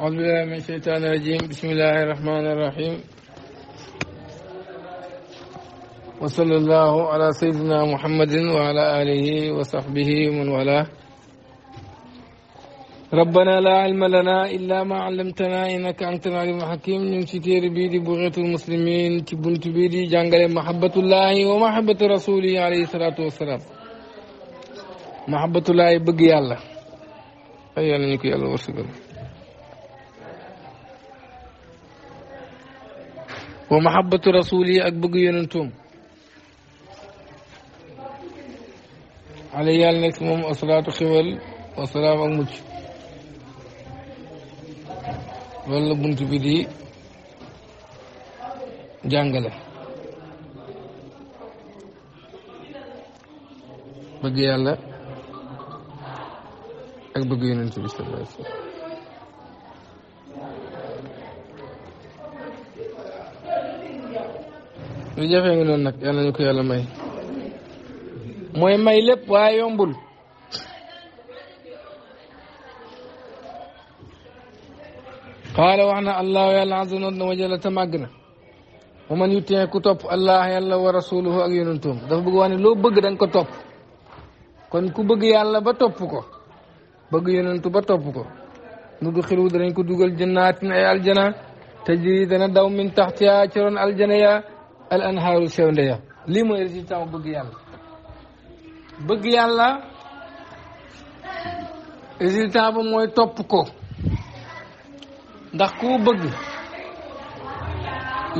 أعوذ بالله من الشيطان الرجيم بسم الله الرحمن الرحيم وصلى الله على سيدنا محمد وعلى آله وصحبه ومن والاه ربنا لا علم لنا إلا ما علمتنا إنك أنت العليم الحكيم نمشي تير بيدي بغية المسلمين تبنت بيدي جانجل محبة الله ومحبة رسوله عليه الصلاة والسلام محبة الله بقي الله أيها الله ورسوله ومحبة رسوله أكبر ينتم علي عليكم الصلاة خوال والسلام المج والله بنت بدي جانجلة بقي الله أكبر ينتم بسم الله lu jafe ngi noonu ñu ko yàlla may may lépp waaye yombul qaala wax na allahu la azza na wa jalla te màgg na wa man yuttee ku topp allah yàlla wa rasuluhu ak yonentoom dafa bëgg wax ne loo bëgg da ko topp kon ku bëgg yàlla ba topp ko bëgg yonentu ba topp ko nu du xilu danañ ko dugal jannaatin ay aljana tajri dana daw min taxtiya ci aljana ya al anhaaru sew ndeya lii mooy résultat mu bëgg yàlla bëgg yàlla résultat ba mooy topp ko ndax koo bëgg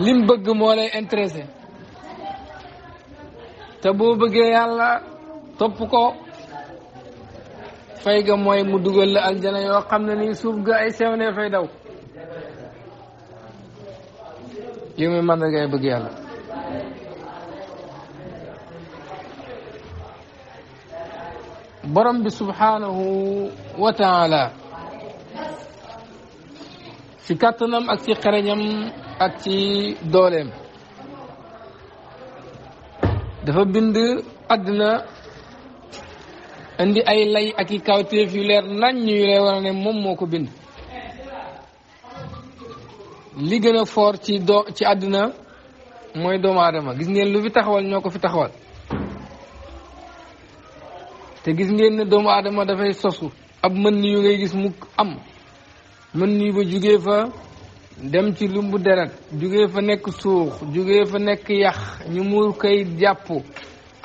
lim bëgg moo lay intéressé te boo bëggee yàlla topp ko fay ga mooy mu dugal la aljana yoo xam ne nii suuf ga ay sew ne fay daw yi muy màndargaay bëgg yàlla borom bi subhanahu wa taala ci kàttanam ak ci xereñam ak ci dooleem dafa bind àddina indi ay lay ak i kawtéef yu leer nañ yu lay war ne moom moo ko bind li gën a foor ci doo ci àddina mooy doomu aadama gis ngeen lu fi taxawal ñoo ko fi taxawal te gis ngeen ne doomu aadama dafay sosu ab mën yu ngay gis mu am mën ni ba jugee fa dem ci lumbu deret jugee fa nekk suux jugee fa nekk yax ñu muur koy jàpp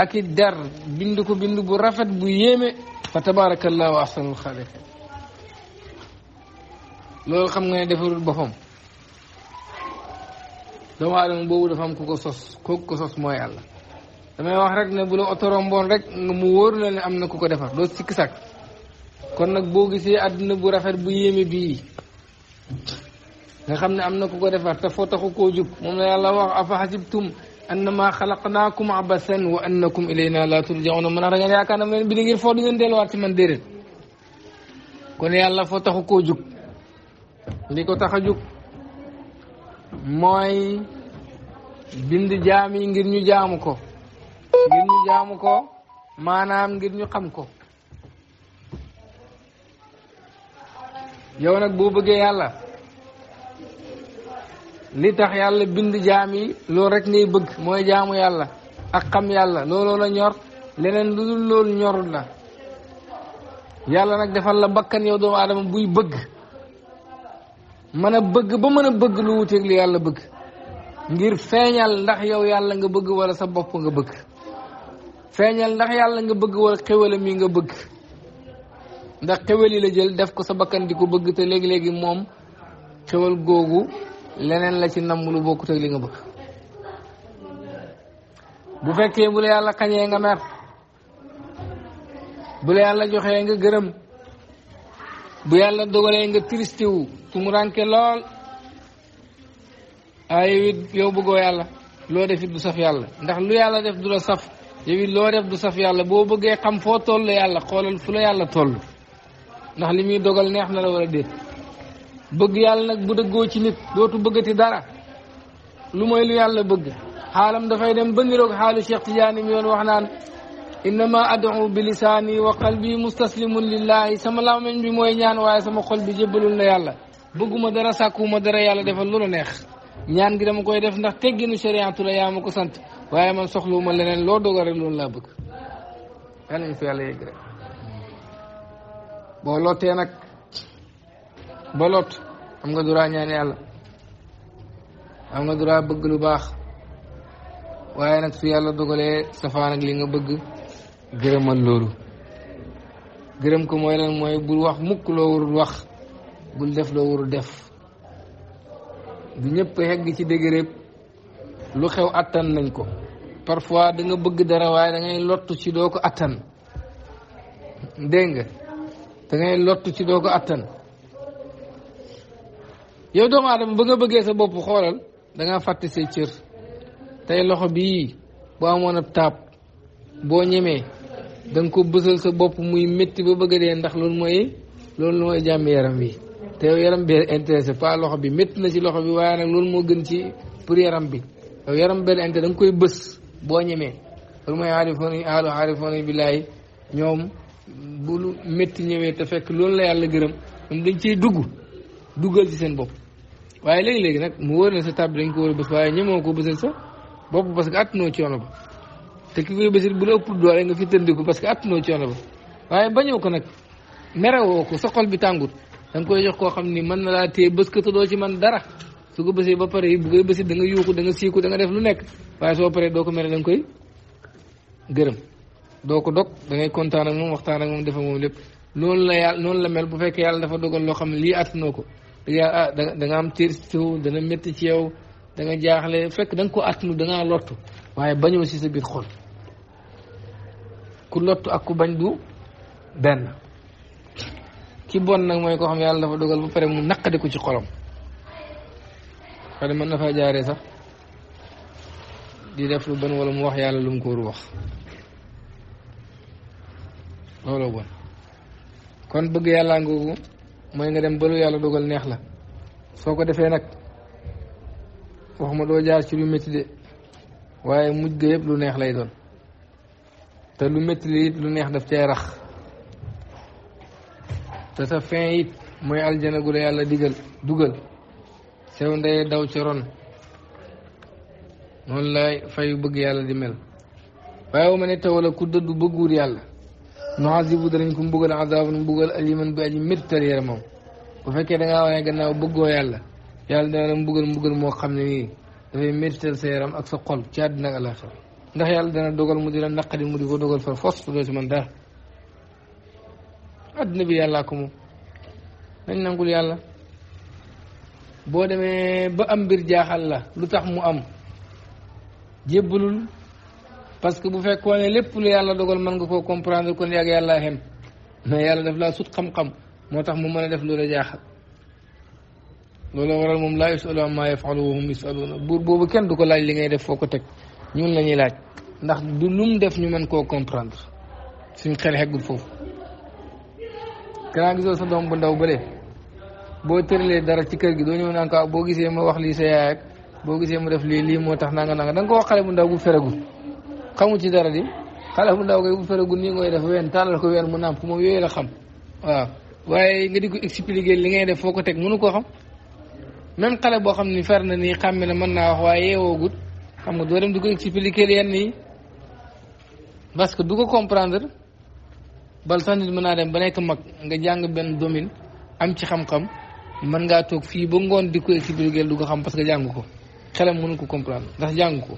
ak i der bind ko bind bu rafet bu yéeme fa tabaarakallaahu ahsanul xaaliqiin loolu xam nga ne defarul boppam doomu aadama boobu dafa am ku ko sos kooku ko sos mooy yàlla damay wax rek ne bu la oto romboon rek nga mu wóor ne am na ku ko defar doo sikk sakk kon nag boo gisee àdduna bu rafet bu yéeme bii nga xam ne am na ku ko defar te foo taxu koo jub moom la yàlla wax afa xasibtum annama xalaqnaakum abasan wa annakum ilayna na leen bi ngir foo di ngeen delluwaat ci man déedéet kon yàlla foo taxu koo jug ko tax a jug mooy bind jaam yi ngir ñu jaamu ko ngir ñu jaamu ko maanaam ngir ñu xam ko yow nag boo bëggee yàlla li tax yàlla bind jaam yi loolu rek ngay bëgg mooy jaamu yàlla ak xam yàlla looloo la ñor leneen lu dul loolu ñorul la yàlla nag defal la bakkan yow doomu aadama buy bëgg mën a bëgg ba mën a bëgg lu wuteeg li yàlla bëgg ngir feeñal ndax yow yàlla nga bëgg wala sa bopp nga bëgg feeñal ndax yàlla nga bëgg wala xéwalam yi nga bëgg ndax xéwal yi la jël def ko sa bakkan di ko bëgg te léegi-léegi moom xéwal googu leneen la ci nam lu bokkut ak li nga bëgg bu fekkee bu la yàlla xañee nga mer bu la yàlla joxee nga gërëm bu yàlla dogalee nga triste wu tumuranke lool waaye it yow bëggoo yàlla loo def it du saf yàlla ndax lu yàlla def du la saf yow it loo def du saf yàlla boo bëggee xam foo toll yàlla xoolal fu la yàlla toll ndax li muy dogal neex na la war a déet bëgg yàlla nag bu dëggoo ci nit dootu bëggati dara lu mooy lu yàlla bëgg xaalam dafay dem ba niroog xaalu Cheikh Tidiane mi yoon wax naan innama ad'u bi lisaani wa qalbi mustaslimun lillahi sama làmmiñ bi mooy ñaan waaye sama xol bi jébbalul na yàlla bëgguma dara sàkkuma dara yàlla defal lu la neex ñaan gi dama koy def ndax tegginu shariatu la yaa ma ko sant waaye man soxluwuma leneen loo dogal rek loolu laa bëgg yal nañ yàlla yegg rek boo lottee nag ba lot am nga droit ñaan yàlla am nga droit bëgg lu baax waaye nag su yàlla dogalee safaan ak li nga bëgg gërëmal loolu gërëm ko mooy lan mooy bul wax mukk loo warul wax bul def loo warul def du ñëpp a ci dégg lu xew attan nañ ko parfois da nga bëgg dara waaye da ngay lottu ci doo ko attan dégg nga da ngay lottu ci doo ko attan yow doomu aadama ba nga bëggee sa bopp xoolal da ngaa fàtte say cër tey loxo bii boo amoon ab taab boo ñemee da ko bësal sa bopp muy métti ba bëgg dee ndax loolu mooy loolu mooy jàmm yaram bi te yow yaram bi intéressé pas loxo bi métti na ci loxo bi waaye nag loolu moo gën ci pour yaram bi yow yaram benn inte da nga koy bës boo ñemee loolu mooy aarifoon yi aalu aarifoon yi billaahi ñoom bu lu métti ñëwee te fekk loolu la yàlla gërëm ñoom dañ dugg duggal seen bopp waaye léegi-léegi nag mu wóor na sa tab dañ ko war a bës waaye ñemoo ko bësal sa bopp parce que attanoo coono ba te ki koy bësit bu la ëpp doole nga fi tëndiku parce que attanoo coono ba waaye bañoo ko nag merewoo ko sa bi tàngut da nga koy jox koo xam ni mën na laa te bës ko te ci man dara su ko bësee ba pare bu koy bësi da nga yuuxu danga nga siiku da def lu nekk waaye soo paree doo ko mere da nga koy gërëm doo ko dog da ngay kontaan ak moom waxtaan ak moom defa moom lépp noonu la yàlla noonu la mel bu fekkee yàlla dafa dogal loo xam ne lii attanoo ko da ah, da am tiir siw dana métti ci yow da nga jaaxle fekk da ko attanu da ngaa lottu waaye bañoo si sa biir xol ku lottu ak ku bañ du benn ki bon nag mooy koo xam yàlla dafa dogal ba pare mu naqadi ko ci xolam xale mën na faa jaare sax di def lu bon wala mu wax yàlla lu mu ko war wax looloo bon kon bëgg yàllaa ngoogu mooy nga dem balu yàlla dogal neex la soo ko defee nag wax ma doo jaar ci lu metti de waaye mujj ga yépp lu neex lay doon te lu métti li lu neex daf cee rax te sa fin it mooy aljana yàlla digal dugal sew ndey daw ci ron noonu lay fayu bëgg yàlla di mel waaye wa ma ne tawala ku dëddu bëgguur yàlla nu azibu danañ ko mbugal azabun mbugal aliman bi aji méttal yaramam bu fekkee da ngaa wane gannaaw bëggoo yàlla yàlla dana la mbugal mbugal moo xam ne nii dafay méttal sa yaram ak sa xol ci àddina ak alaxira ndax yàlla dana dogal mu di la naqadi mu di ko dogal fa fos doo ci man dara àddina bi yàllaa ko moom nañ nangul yàlla boo demee ba am mbir jaaxal la lu tax mu am jébbalul parce que bu fekkoon ne lépp lu yàlla dogal mën nga koo comprendre kon yàgg yàlla xem mais yàlla daf laa sut xam-xam moo tax mu mën a def lu la jaaxal loolu waral moom laa yusalu ammaa yafalu wa hum yusaluuna buur boobu kenn du ko laaj li ngay def ko teg ñun la ñuy laaj ndax du lum def ñu mën koo comprendre suñ xel xeggul foofu. gannaaw gisoo sa doom bu ndaw bële. boo tëralee dara ci kër gi doo ñëw naan ko ah, boo gisee ma wax lii sa yaay ak boo gisee mu def lii lii moo tax nanga nanga da nga ko wax xale bu ndaw bu feragul xamu ci dara di xale bu ndaw koy bu feragul nii ngoy def ween tàllal ko ween mu nàmp moom yooyu la xam waaw waaye nga di ko expliquer li ngay def foo ko teg mënu koo xam même xale boo xam ni fer na nii xàmme na mën naa wax waaye yeewoogut xam nga doo dem di ko expliquer yenn yi parce que du ko comprendre bal sax nit mën naa dem ba nekk mag nga jàng benn domaine am ci xam-xam mën ngaa toog fii ba ngoon di ko expliquer du ko xam parce que jàng ko xelam mënu ko comprendre ndax jàng ko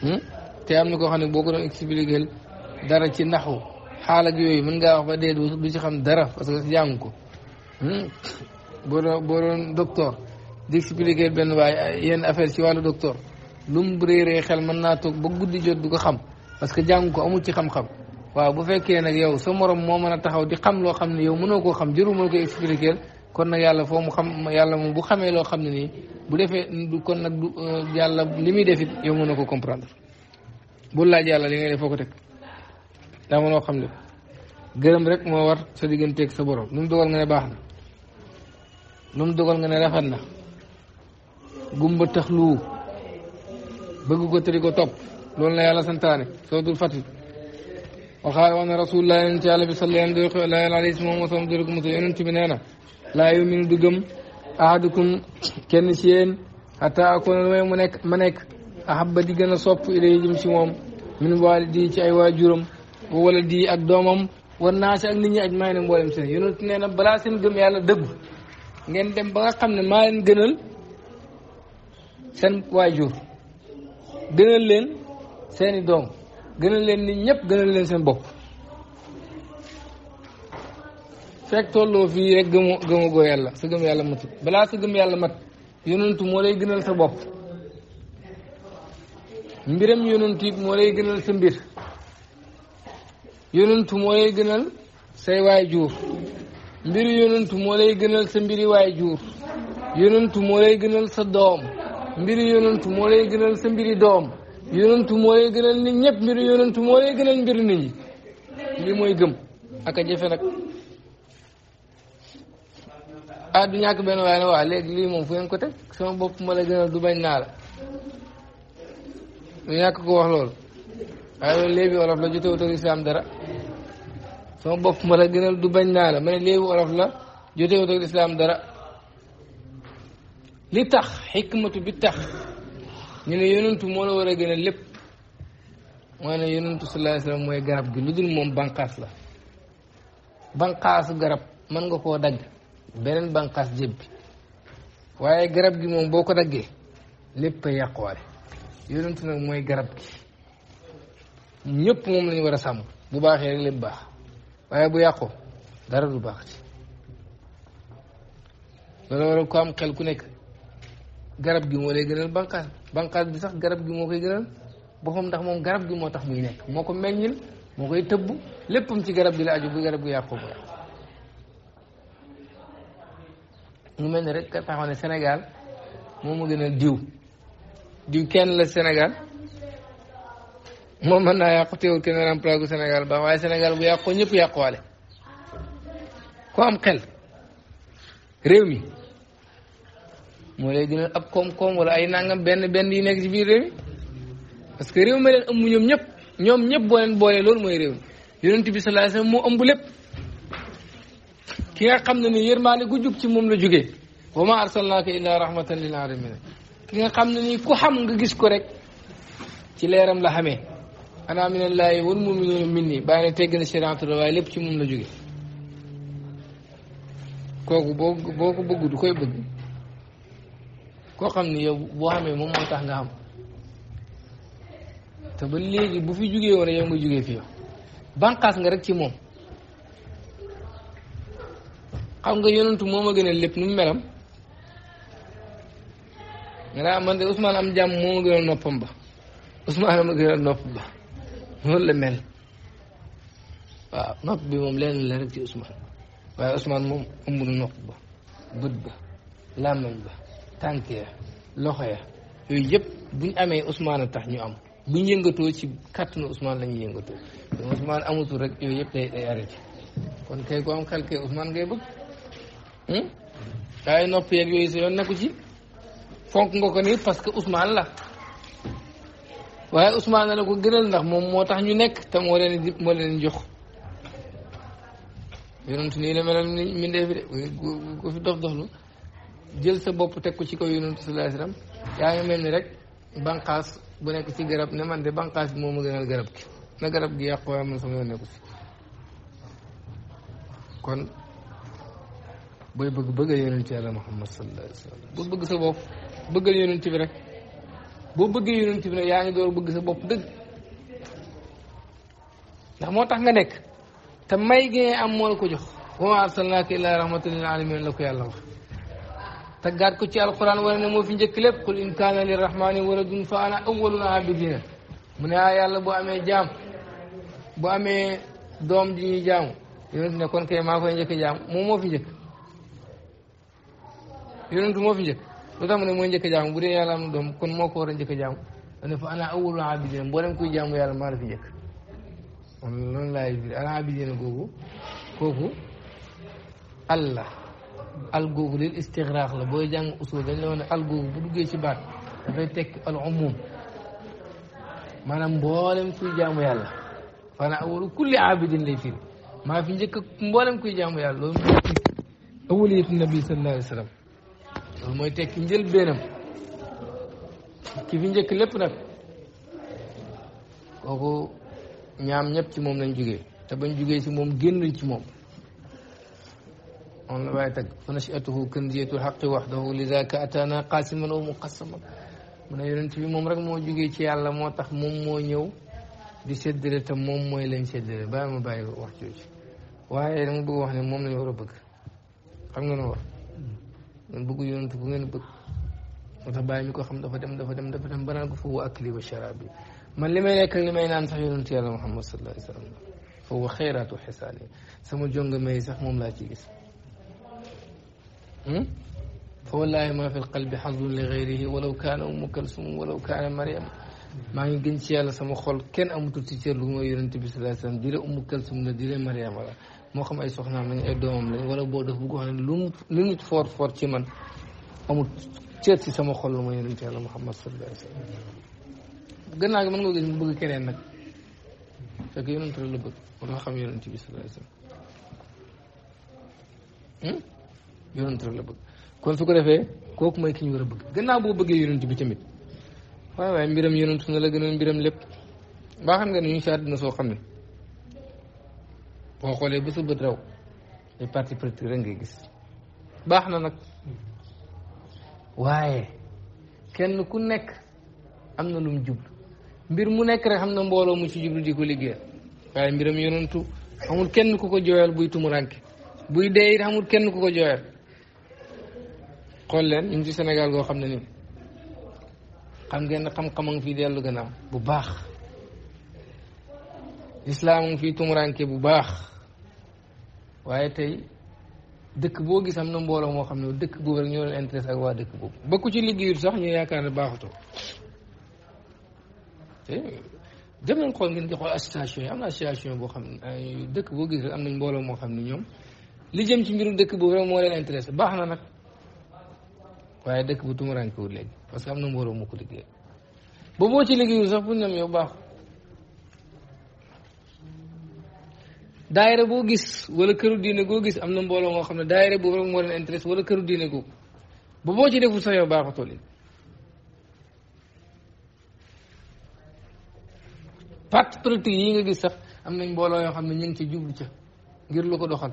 hmm? te am na koo xam ne boo ko doon expliquer dara ci naxu xaal ak yooyu mën ngaa wax ba dee du ci xam dara parce que jàng ko hmm? boo doon boo doon docteur di expliquer benn waay yenn affaire ci wàllu docteur lu mu réeree xel mën naa toog ba guddi jot du ko xam parce que jàng ko amul ci xam waaw bu fekkee nag yow sa morom moo mën a taxaw di xam loo xam ne yow mënoo koo xam jëru mënoo ko expliquer kon nag yàlla foo mu xam yàlla moom bu xamee loo xam ne nii bu defee kon nag du euh, yàlla li muy def it yow mën na ko comprendre bu laaj yàlla li ngay def foo ko teg daa mënoo xam ne gërëm rek moo war sa digganteeg sa borom lu mu dogal nga ne baax na lu mu nga ne rafet na gumba tax lu bëgg ko tëri ko topp loolu la yàlla santaane soo dul fàttali waxaale wax na rasulullah yonent yàlla bi sallallahu alayhi wa sallam moom mosam dërëg mosa yonent bi nee na laa yuminu du gëm ahadukum kenn ci yéen xataa akoona lu may mu nekk ma nekk ahabba di gën a sopp ilay jëm ci moom min waalidi ci ay waajuram wala di ak doomam war naa si ak nit ñi aj maa ngi leen mboolem seen yonent nee na balaa seen gëm yàlla dëggu ngeen dem ba nga xam ne maa leen gënal seen waajur gënal leen seeni doom gënal leen nit ñëpp gënal leen seen bopp fekk tolloo fii rek gëmoo gëmagoo yàlla gëm yàlla matut balaa sa gëm yàlla mat yonentu moo lay gënal sa bopp mbiram yonent it moo lay gënal sa waay juur mbiru yonentu moo lay gënal sa mbiri waay juur yonentu moo lay gënal sa doom mbiru yonentu moo lay gënal sa mbiri doom yonentu moo lay gënal nit ñëpp mbiru yonentu moo lay gënal mbiru nit ñi lii mooy gëm ak a nag ah du ñàkk benn waaye ne waa léegi lii moom fu ngeen ko teg sama bopp ma la gën a du bañ naa la du ñàkk ko wax loolu waaye loolu léegi olof la jotewut ak lislaam dara sama bopp ma la gënal du bañ naa la ma ne léegi olof la jotewut ak lislaam dara li tax xikmatu bi tax ñu ne yonentu moo la war a gën a lépp mooy ne yonentu sallallahu alayhi wasallam mooy garab gi lu dul moom banqaas la banqaasu garab mën nga koo dagg beneen banqaas jébbi waaye garab gi moom boo ko daggee lépp a yàquwaale yonent nag mooy garab gi ñëpp moom lañu war a sàmm bu baaxee rek lépp baax waaye bu yàqoo dara du baax ci loolu waral ko am xel ku nekk garab gi moo lay gënal banqaas banqaas bi sax garab gi moo koy gënal boppam ndax moom garab gi moo tax muy nekk moo ko meññil moo koy tëbb léppam ci garab gi la aju bu garab gi yàqoo ko mu mel ni rek ka taxaw ne Sénégal moom ma gënal diw diw kenn la Sénégal moom mën naa yàqu teewul kenn remplacé gu Sénégal baax waaye Sénégal bu yàqoo ñëpp yàquwaale ko am xel réew mi moo lay gënal ab koom-koom wala ay nangam benn benn yi nekk ci biir réew mi parce que réew ma leen ëmb ñoom ñëpp ñoom ñëpp boo leen boolee loolu mooy réew mi yonent bi sallallahu alayhi moo ëmb lépp ki nga xam ne ni yërmaane gu jub ci moom la jógee wa ma arsalnaaka illaa rahmatan lil alamina ki nga xam ne nii ku xam nga gis ko rek ci leeram la xamee ana minallaahi wal muminuuna min nii bàyyi ne tegg na siraatu la waaye lépp ci moom la jóge kooku boo bëgg du koy bëgg koo xam ne yow boo xamee moom moo tax nga xam te ba léegi bu fi jógee woon yow nga jógee fi banqaas nga rek ci moom xam nga yonantu moom a gën a lépp nu mu melam ah, man de Ousmane am jàmm moom a gën a noppam ba Ousmane am a gën a nopp ba loolu la mel waaw nopp bi moom lenn la rek ci Ousmane waaye Ousmane moom ëmb na nopp ba bët ba làmmiñ ba tànk ya loxo ya yooyu yëpp buñ amee Ousmane a tax ñu am buñ yëngatoo ci kàttanu Ousmane la ñuy yëngatoo Ousmane amatul rek yooyu yëpp day day kon kay ko am xel kay Ousmane ngay bëgg waaye hmm? nopp yeeg yooyu sa yoon nekku ci fonk nga ko nii parce que Ousmane la waaye Ousmane la ko gënal ndax moom moo tax ñu nekk te moo leen moo leen jox yonent nii la meloon mbindee fi de ko fi dof doflu jël sa bopp teg ko ci kaw yonent sallallahu alayhi wasallam yaa ngi mel ni rek banqaas bu nekk ci garab ne man de banqaas bi moo ma gënal garab gi na garab gi yàqu waaye man sama yoon nekku si kon booy bëgg bëggal yonent yàlla Muhammad sallallahu alayhi wa sallam bul bëgg sa bopp bëggal yonent bi rek boo bëggee yonent bi nag yaa ngi door bëgg sa bopp dëgg ndax moo tax nga nekk te may gi am moo la ko jox wa maa arsalnaaka illaa rahmatan lil aalamiin la ko yàlla wax taggaat ko ci alquran wala ne moo fi njëkk lépp qul in kaana lirrahmaani waladun fa ana awwalul aabidiina mu ne ah yàlla bu amee jaam bu amee doom ji ñuy jaamu yonent ne kon kay maa koy njëkk jaam moom moo fi njëkk yonentu moo fi njëkk lu tax mu ne mooy njëkk a jaamu bu dee yàlla am na doom kon moo ko war a njëkk a jaamu ne fa ana awwalu abidina mboolem kuy jaamu yàlla maa la fi njëkk kon loolu laay bi ana abidina googu kooku alla al googu lil istixraax la booy jàng usul dañ la wax ne al googu bu duggee ci baat dafay tekk al umum maanaam mboolem kuy jaamu yàlla fa ana awwalu kulli abidin lay firi maa fi njëkk mboolem kuy jaamu yàlla loolu awwaliyatu nabi sallallahu alayhi wa sallam loolu mooy tekki njëlbéenam ki fi njëkk lépp nag kooku ñaam ñëpp ci moom lañ jugee te bañ jugee ci moom génn ci moom moom la waaye tag fa nachatuhu kanziyatul xaqi waxdahu lidaka atana qasiman aw muqasaman mu ne yonent bi moom rek moo jugee ci yàlla moo tax moom moo ñëw di séddale te moom mooy lañ séddale bàyyi ma bàyyi wax jooju waaye dama bëgg wax ne moom lañu war a bëgg nga nu wax من بقول يوم تبغين بق وتباي ميكو خم دفع دم دفع دم دفع دم بنا بفو أكلي وشرابي من لما يأكل لما ينام تغير أنت يا محمد صلى الله عليه وسلم فهو خيرات وحسالي سمو جونغ ما يسخ مملا تيس فوالله ما في القلب حظ لغيره ولو كان أم كلثوم ولو كان مريم ما يمكنش يا سمو خول كان أم تتشير لما ينتبه صلى الله عليه وسلم دير أم كلثوم دير مريم الله. moo xam ay soxnaam lañ ay doomam lañ wala boo def bu xam ne lu lu nit fort fort ci man amul ceet si sama xol lu ma yonent yàlla Muhammad sallallahu alayhi wa sallam gannaaw gi mën nga mu bëgg keneen nag fekk yonent la bëgg war nga xam yonent bi sallallahu hmm? bëgg kon su ko defee kooku mooy ki ñu war a bëgg gannaaw boo bëggee yonent bi tamit waaye waaye mbiram yonent na la gënoon mbiram lépp mbaa xam nga ne ñu si àddina soo xam ne boo xoolee ba sa bët raw ay parti politique rek ngay gis baax na nag waaye kenn ku nekk am na lu mu jublu mbir mu nekk rek xam na mbooloo mu ci jublu di ko liggéeyal waaye mbiram yonontu amul kenn ku ko jooyal buy tumuranke buy dee it kenn ku ko jooyal xool leen ñu ngi ci Sénégal goo xam ne nii xam ngeen ne xam-xam a dellu gannaaw bu baax lislaam mu fii tumuranke bu baax waaye tey dëkk boo gis am na mbooloo moo xam ne dëkk boobu rek ñoo leen intéressé ak waa dëkk boobu ba ku ci liggéeyul sax ñu yaakaar ne baaxutoo te dem nañ xool ngeen di xool association yi am na association boo xam ne dëkk boo gis rek am nañ mbooloo moo xam ne ñoom li jëm ci mbirum dëkk boobu rek moo leen intéressé baax na nag waaye dëkk bu tumuranke wul léegi parce que am na mbooloo moo ko liggéey ba ci liggéeyul daayira boo gis wala këru diine koo gis am na mbooloo moo xam ne daayira boobu rek moo leen intéresse wala këru diine googu ba ci deful sax yow baaxatul yi parti politique yi nga gis sax am nañ mbooloo yoo xam ne ñu ngi ci jublu ca ngir lu ko doxal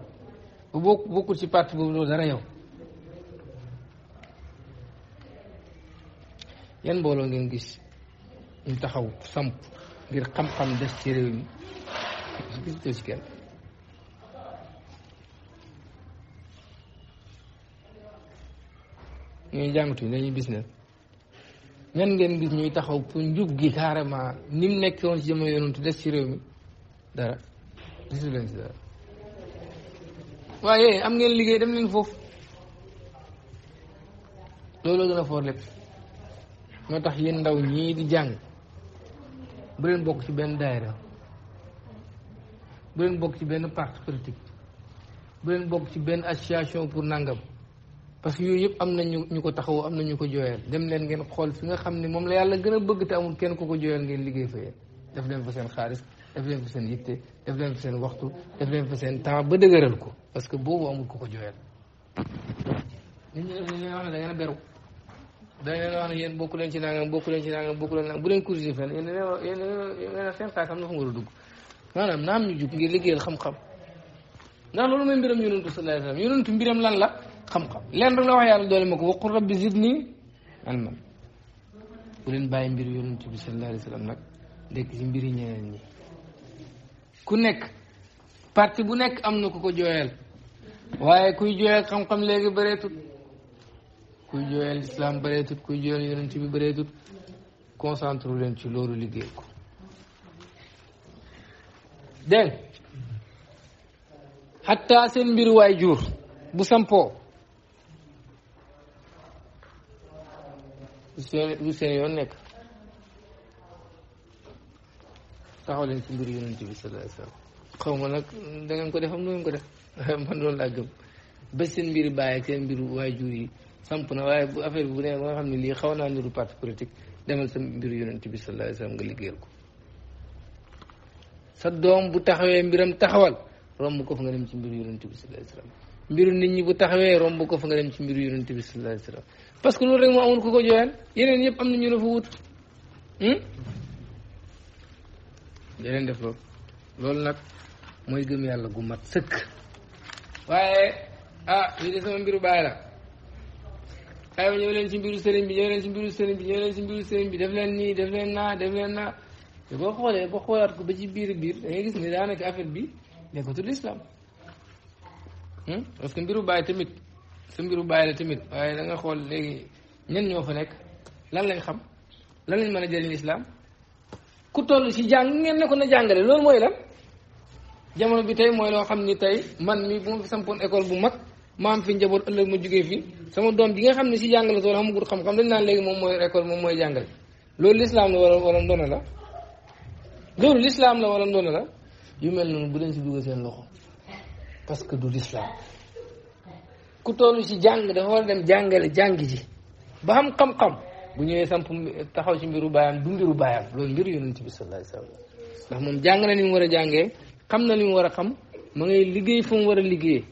ba boo bokkul ci parti boobu doo dara yow yan mbooloo ngeen gis ñu taxaw samp ngir xam-xam des ci réew mi gis ñuy jàngatuñ dañuy business ñan ngeen gis ñuy taxaw pour njub gi carrément ni mu nekkee woon ci jamono yonantu des ci réew mi dara gisu leen dara waaye am ngeen liggéey def leen foofu loolu gën a foor lépp moo tax yéen ndaw ñii di jàng bu leen bokk ci benn daayira bu leen bokk ci benn parti politique bu leen bokk ci benn association pour nangam parce que yooyu yëpp am na ñu ñu ko taxaw am na ñu ko jooyal dem leen ngeen xool fi nga xam ne moom la yàlla gën a bëgg te amul kenn ku ko jooyal ngeen liggéey fa yéen def leen fa seen xaalis def leen fa seen yitte def leen fa seen waxtu def leen fa seen temps ba dëgëral ko parce que boobu ko jooyal nit ñi leen wax ne a beru yéen bokku leen ci nangam bokku leen ci nangam bokku leen nangam bu leen corrigé fenn yéen yéen am na fa nga a dugg maanaam naam ñu jug ngir liggéeyal xam-xam ndax loolu mooy mbiram yonentu sallallahu alayhi wa sallam mbiram lan la xam-xam leen rek la wax yàlla doole ma ko waqul rabbi zidni ilman bu leen bàyyi mbir yonent bi sallallahu alayhi wa sallam nag dëkk ci mbiri ñeneen ku nekk parti bu nekk am na ku ko jooyal waaye kuy jooyal xam-xam léegi bëreetut kuy jooyal islam bëreetut kuy jooyal yonent bi bëreetut concentré leen ci loolu liggéey ko dégg xatta seen mbir waay jur bu sampoo lu seen yoon nekk taxaw leen ci mbir yonent bi sallallahu alayhi wasallam xaw ma nag da ngeen ko def am nu ngeen ko def man loolu laa gëm ba seen mbir bàyyi ak seen mbiru waajur yi samp na waaye bu affaire bi bu nee ba nga xam ne lii xaw naa niru parti politique demal sa mbiru yonent bi sallallahu alayhi wasallam nga liggéeyal ko sa doom bu taxawee mbiram taxawal romb ko fa nga dem ci mbiru yonent bi sallallahu alayhi wasallam mbiru nit ñi bu taxawee romb ko fa nga dem ci mbiru yonent bi sallallahu alayhi wasallam parce que loolu rek moo amoon ku ko jooyal yeneen ñëpp am na ñu la fa wut hmm? def loolu nag mooy gëm yàlla gu mat sëkk waaye ah lii de sama mbiru baay la aywa ñëw leen ci mbiru sëriñ bi ñëw leen ci mbiru sëriñ bi ñëw leen ci mbiru sëriñ bi def leen nii def leen naa def leen naa te boo xoolee boo xoolaat ko ba ci biir biir da gis ni ne daanaka affaire bi nekkatul islam hmm? parce que mbiru baay tamit su mbiru bàyyi la tamit waaye da nga xool léegi ñen ñoo fa nekk lan lañ xam lan lañ mën a jëriñ lislaam ku toll ci jàng ngeen ne ko na jàngale mooy lan jamono bi tey mooy loo xam ni tey man mi bu ma école bu mag ma am fi njaboot ëllëg ma jógee fi sama doom ji nga xam ne si jàngale tool xamagul xam-xam dañ naan léegi moom mooy école moom mooy jàngale loolu lislaam la war wala ndono la loolu lislaam la wala ndono la yu mel noonu bu leen si dugal seen loxo parce que du lislaam ku toll ci jàng dafa war a dem jàngale jàngi ji ba xam xam-xam bu ñëwee samp taxaw ci mbiru baayam du mbiru baayam loolu mbiru yonent bi sallallahu alayhi wasallam moom jàng na war a jàngee xam na li mu war a xam ma ngay liggéey fu war a liggéeyee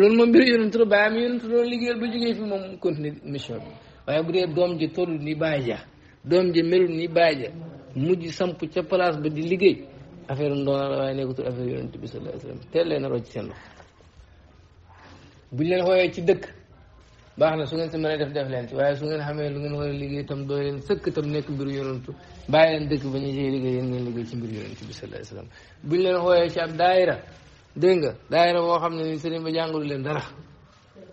loolu moom mbiru yonent la baayam yonent doon liggéeyal ba jógee fi mission bi waaye bu dee doom ji ja doom ji melul ni baay ja mujj samp ca place ba di liggéey affaire ndoona la waaye nekkatul affaire yonent bi sallallahu leen a seen loxo bu ñu leen xooyee ci dëkk baax na su ngeen si mën def def leen ci waaye su ngeen xamee lu ngeen war a liggéey tam doo leen sëkk tam nekk mbiru yonantu bàyyi leen dëkk ba ñu liggéey yéen ngeen liggéey ci mbiru yonantu bi sallallahu alayhi wa sallam bu ñu leen xooyee ci ab daayira dégg nga daayira boo xam ne ni sëriñ ba jàngalu leen dara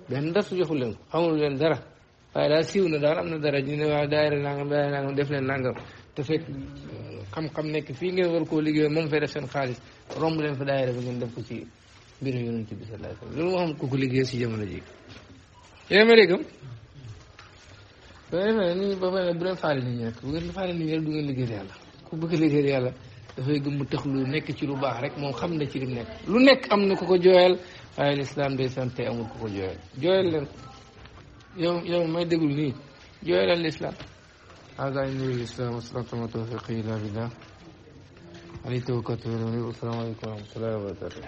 benn daf joxu leen ko leen dara waaye daal siiw na daal am na dara ñu ne waaw daayira nangam daayira nangam def leen nangam te fekk xam-xam nekk fii ngeen war koo liggéey moom fay def seen xaalis romb leen fa daayira ba ngeen def ko ci mbiru yonent loolu moo xam ko liggéey ci jamono ji yéen ma déggam ba ba pare bu bu ngeen faale nit ñi du ngeen liggéeyal yàlla ku bëgg liggéeyal yàlla dafay gëm mu tax lu nekk ci lu baax rek moom xam na ci lu nekk am na ku ko jooyal waaye lislaam day sant amul ku ko jooyal jooyal leen yow yow may déglu nii jooyalal al-islaaha ma istata'tu wa maa tawfiiqii illaa billaah alayhi tawakkaltu wa ilayhi uniib assalaamu aleykum wa rahmatullaahi wa